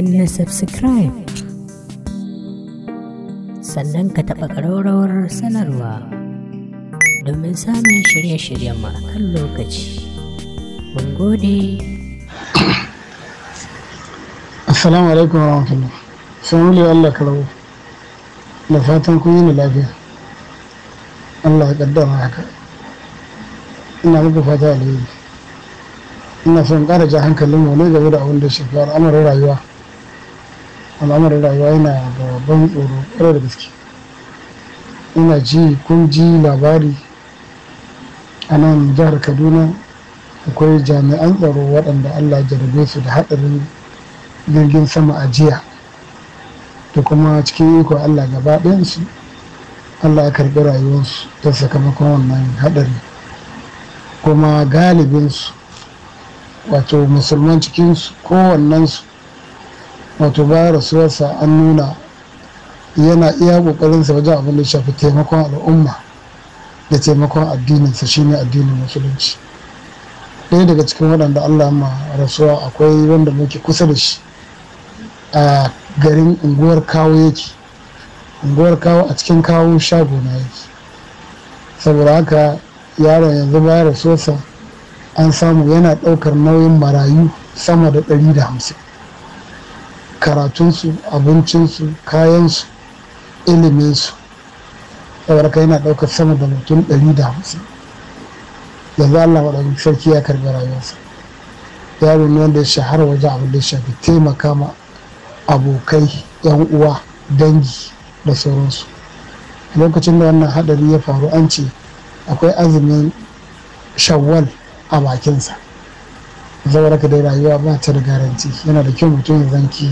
na subscribe sannan ka taɓa ƙararrawar sanarwa domin samun shirye-shiryen mu kan lokaci mun gode assalamu alaikum wa rahmatullah sun ne allah karawo da fatan kun yi lafiya allah ya kaddara haka ina muku fata alheri ina son ƙara ja hankalin mu ne game da abin da shafi amurin rayuwa al'amuran rayuwa yana da ban tsoro ƙwarar da gaske ina ji kun ji labari a nan jihar kaduna akwai jami'an tsaro waɗanda allah jarabe su da haɗarin jirgin sama a jiya da kuma cikin iko allah gaba ɗayansu allah ya karɓi rayuwarsu ta sakamakon wannan haɗari kuma galibinsu wato musulman cikinsu kowannensu wato bayan rasuwarsa an nuna yana iya ƙoƙarinsa wajen abin da shafi taimakon al'umma da taimakon addininsa shine addinin musulunci ɗaya daga cikin waɗanda allah ma rasuwa akwai wanda muke kusa da shi a garin unguwar kawo yake unguwar kawo a cikin kawo shago na yake saboda haka yaron yanzu bayan rasuwarsa an samu yana ɗaukar nauyin marayu sama da ɗari da hamsin. karatunsu abincinsu kayansu iliminsu saboda kai yana ɗaukar sama da mutum 150 yanzu allah waɗanda sarki ya karɓi rayuwarsa yaro ne wanda ya shahara waje abin da ya shafi taimaka ma abokai yan uwa dangi da sauransu A lokacin da wannan hadari ya faru an ce akwai azumin shawwal a bakinsa ka dai rayuwa ba ta da garanti yana da kyau mutum ya zanki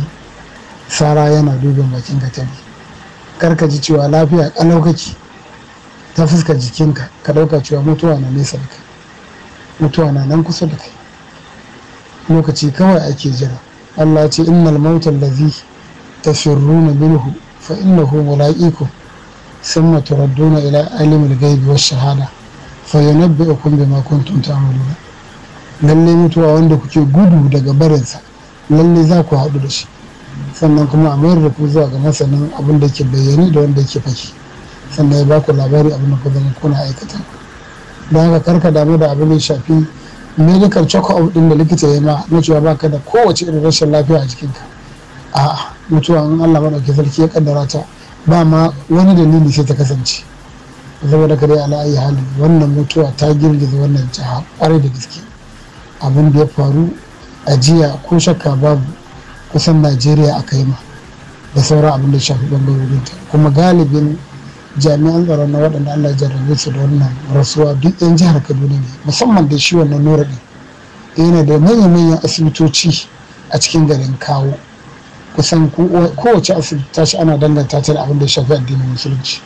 sara yana dubin bakin ka ta kar ka ji cewa lafiya a kake ta fuskar jikinka ka ɗauka cewa mutuwa na nesa da kai mutuwa na nan kusa da kai lokaci kawai ake jira Allah ce innal ta shirru na minhu fa na Sun ila innahu shahada. ثم تردون إلى علم الغيب والشهادة فينبئكم بما tunta تعملون lalle mutuwa wanda kuke gudu daga barinsa lalle za ku haɗu da shi sannan kuma a mayar da ku zuwa ga masanin abin da ke bayyani da wanda ke fashi sannan ya baku labari abin da ku zama kuna aikata da haka karka damu da abin da ya shafi medical check-up din da likita ya ma na cewa baka da kowace irin rashin lafiya a jikinka a'a mutuwa in Allah madauki sarki ya kaddara ta ba ma wani dalili sai ta kasance saboda kare ala ayi hali. wannan mutuwa ta girgiza wannan jiha kwarai da gaske abin da ya faru a jiya ko shakka babu kusan najeriya a yi ma da sauran abin da shafi ta. kuma galibin jami'an tsaron na waɗanda allah jarrabe su da wannan rasuwa duk 'yan jihar kaduna ne musamman da shi wannan nura ɗin yana da manya-manyan asibitoci a cikin garin kawo kusan kowace asibita shi ana danganta ta da abin da shafi addinin musulunci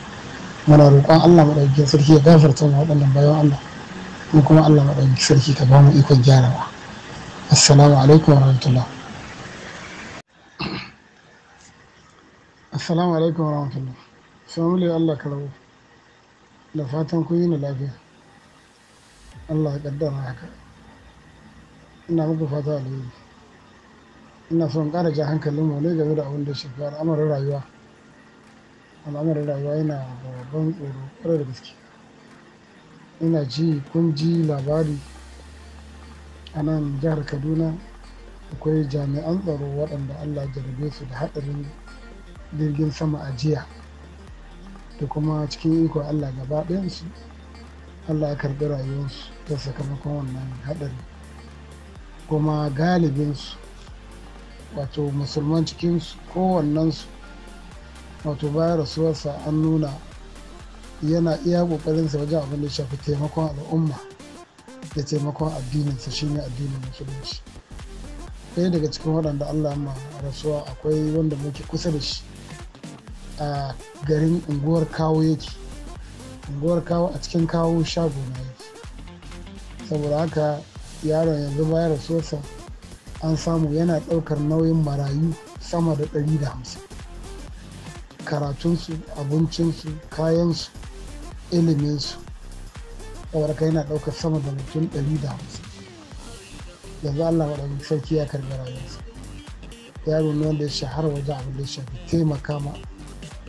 muna roƙon allah maɗauki sarki ya gafarta ma waɗannan bayan allah Ni kuma allah maɗauki sarki ka ba mu ikon gyarawa assalamu alaikum warahmatullahi assalamu alaikum warahmatullah samuli allah ka rabu da fatan kun yi na lafiya allah ya kaddara haka ina muku fata alheri ina son ƙara ja hankalin mu ne game da abin da shafi al'amarin rayuwa al'amarin rayuwa yana da babban tsoro ƙwarar da gaske ina ji kun ji labari a nan jihar kaduna akwai jami'an tsaro waɗanda allah jarabe su da haɗarin jirgin sama a jiya da kuma cikin iko allah gaba ɗayansu allah ya karɓi rayuwarsu ta sakamakon wannan haɗari kuma galibinsu wato musulman cikinsu kowannensu wato bayan rasuwarsa an nuna yana iya ƙoƙarinsa wajen abin da shafi taimakon al'umma da taimakon addininsa shine addinin musulunci ɗaya daga cikin waɗanda allah ma rasuwa akwai wanda muke kusa da shi a garin unguwar kawo yake unguwar kawo a cikin kawo shago na yake saboda haka yaron yanzu bayan rasuwarsa an samu yana ɗaukar nauyin marayu sama da 150 karatunsu abincinsu kayansu iliminsu saboda yana ɗaukar sama da mutum 150 yanzu allah da sarki ya karɓi rayuwarsa yaro ne wanda ya shahara waje abin da ya shafi taimaka ma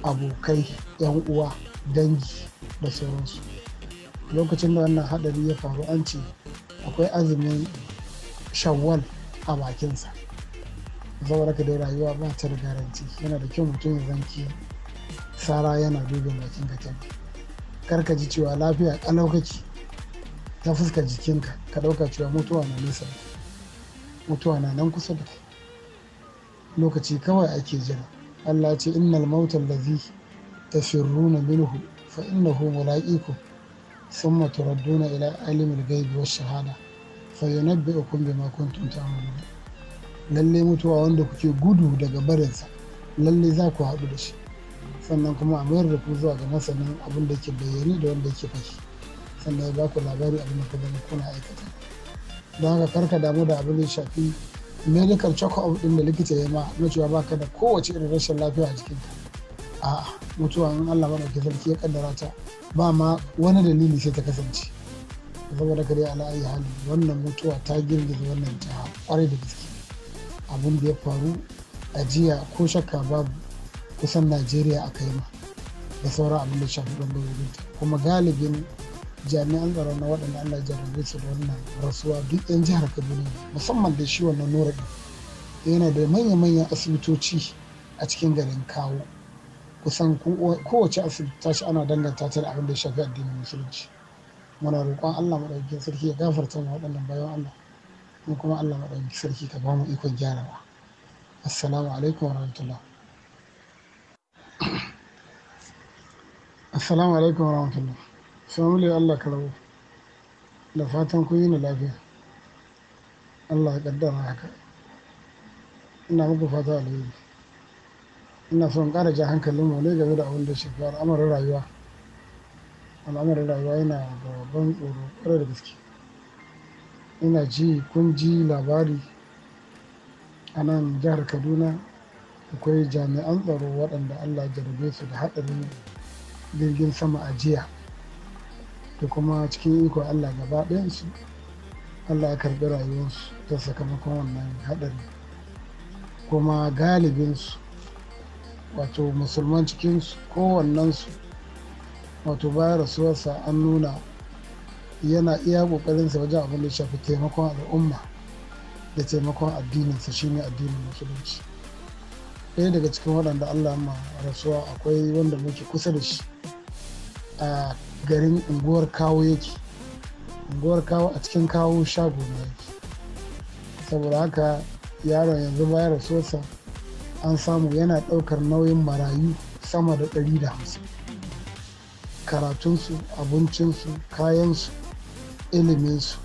abokai yan uwa dangi da sauransu lokacin da wannan hadari ya faru an ce akwai azumin shawwal a bakinsa zaura ka dai rayuwa ba ta da garanti yana da kyau mutum ya zanki sara yana duba bakin ka kar ka ji cewa lafiya a lokaci ta fuska jikinka ka dauka cewa mutuwa na nesa mutuwa na nan kusa da kai lokaci kawai ake jira Allah ce innal mautal ladhi tafirruna minhu fa innahu mulaqikum thumma turadduna ila alimil ghaibi wash shahada fa yunabbi'ukum bima kuntum ta'malun lalle mutuwa wanda kuke gudu daga barinsa lalle za ku haɗu da shi sannan kuma a mayar da ku zuwa ga masanin abin da ke bayyane da wanda yake fashi sannan ya ba ku labari abin da ku kuna aikata don haka karka damu da abin da shafi medical check-up din da likita ya ma na cewa ka da kowace irin rashin lafiya a ka a mutuwa in Allah mana ke sarki ya kaddara ta ba ma wani dalili sai ta kasance saboda kare ala ayi hali wannan mutuwa ta girgiza wannan jiha kwarai da gaske abin da ya faru a jiya ko shakka babu kusan najeriya a kai ma da sauran abin da shafi ɓangarorin kuma galibin jami'an tsaro na waɗanda Allah ya jarrabe su da wannan rasuwa duk 'yan jihar Kaduna musamman da shi wannan Nura yana da manya-manyan asibitoci a cikin garin kawo kusan kowace asibita shi ana danganta ta da abin da ya shafi addinin musulunci muna roƙon Allah maɗaukakin sarki ya gafarta mu waɗannan bayan Allah mu kuma Allah maɗaukakin sarki ka ba mu ikon gyarawa assalamu alaikum warahmatullah assalamu alaikum warahmatullah samuli allah ka rabu da fatan kun yi na lafiya allah ya kaddara haka ina muku fata alheri ina son ƙara ja hankalin mu ne game da abin da shafi al'amarin rayuwa al'amarin rayuwa yana da babban tsoro ƙwarar da gaske ina ji kun ji labari a nan jihar kaduna akwai jami'an tsaro waɗanda allah jarabe su da haɗarin jirgin sama a jiya da kuma cikin iko allah gaba ɗayansu allah ya karbi rayuwarsu ta sakamakon wannan haɗari kuma galibinsu wato musulman cikinsu kowannensu wato bayan rasuwarsa an nuna yana iya ƙoƙarinsa wajen abin da shafi taimakon al'umma da taimakon addininsa shine addinin musulunci ɗaya daga cikin waɗanda allah ma rasuwa akwai wanda muke kusa da shi a garin unguwar kawo yake unguwar kawo a cikin kawo shago goma yake saboda haka yaron yanzu bayan rasuwarsa an samu yana ɗaukar nauyin marayu sama da 150 karatunsu abincinsu kayansu iliminsu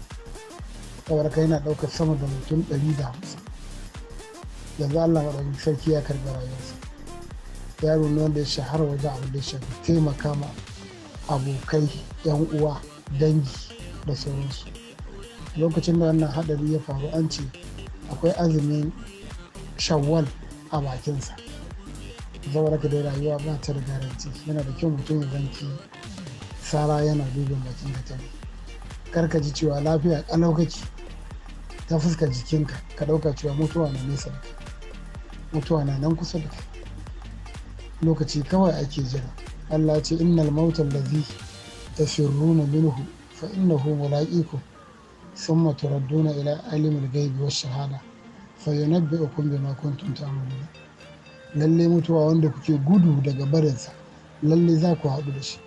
saboda ka yana ɗaukar sama da mutum 150 yanzu allah maɗauki sarki ya karɓi rayuwarsa yaro ne wanda ya shahara wajen abin da ya shafi taimaka ma abokai yan uwa dangi da sauransu lokacin da wannan haɗari ya faru an ce akwai azumin shawwal a bakinsa zaura ka dai rayuwa ba ta da garanti yana da kyau mutum ya zanki sara yana dubin bakin ka kar ka ji cewa lafiya kalaukaki ta fuska jikinka ka ɗauka cewa mutuwa na nesa da mutuwa na nan kusa da kai lokaci kawai ake jira Allah ce innal ta ladhi na minuhu fa innahu sun thumma na ila alimul gaibi wasu shahada fa yunabbi'ukum bima kuntum ta'malun lalle mutuwa wanda kuke gudu daga barinsa lalle za ku haɗu da shi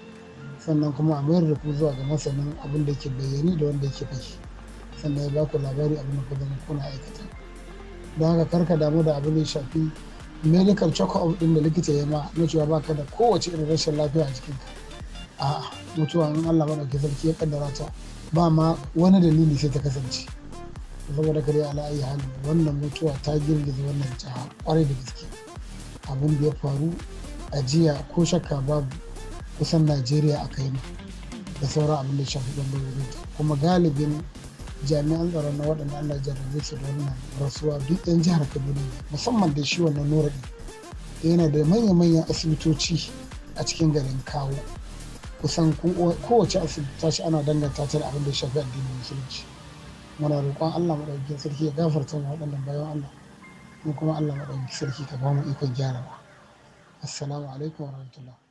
sannan kuma a mayar da ku zuwa ga masanin abin da ke bayyane da wanda yake faki sannan ya ba ku labari abin da ku zama kuna aikata don haka karka damu da abin da shafi medical check-up din da likita ya ma na cewa baka da kowace irin rashin lafiya a jikinka a mutuwa in Allah ba ke sarki ya kaddara ta ba ma wani dalili sai ta kasance saboda kare ala ayi hali wannan mutuwa ta girgiza wannan jiha kwarai da gaske abin da ya faru a jiya ko shakka babu kusan najeriya a kai ne da sauran abin da shafi ɓangarorin kuma galibin jami'an tsaro na waɗanda Allah jarrabe su da wannan rasuwa duk 'yan jihar Kaduna musamman da shi wannan Nura yana da manya-manyan asibitoci a cikin garin Kawo kusan kowace asibita shi ana danganta ta da abin da ya shafi addinin musulunci muna roƙon Allah maɗaukakin sarki ya gafarta mu waɗannan bayan Allah mu kuma Allah maɗaukakin sarki ka ba ikon gyarawa assalamu alaikum rahmatullah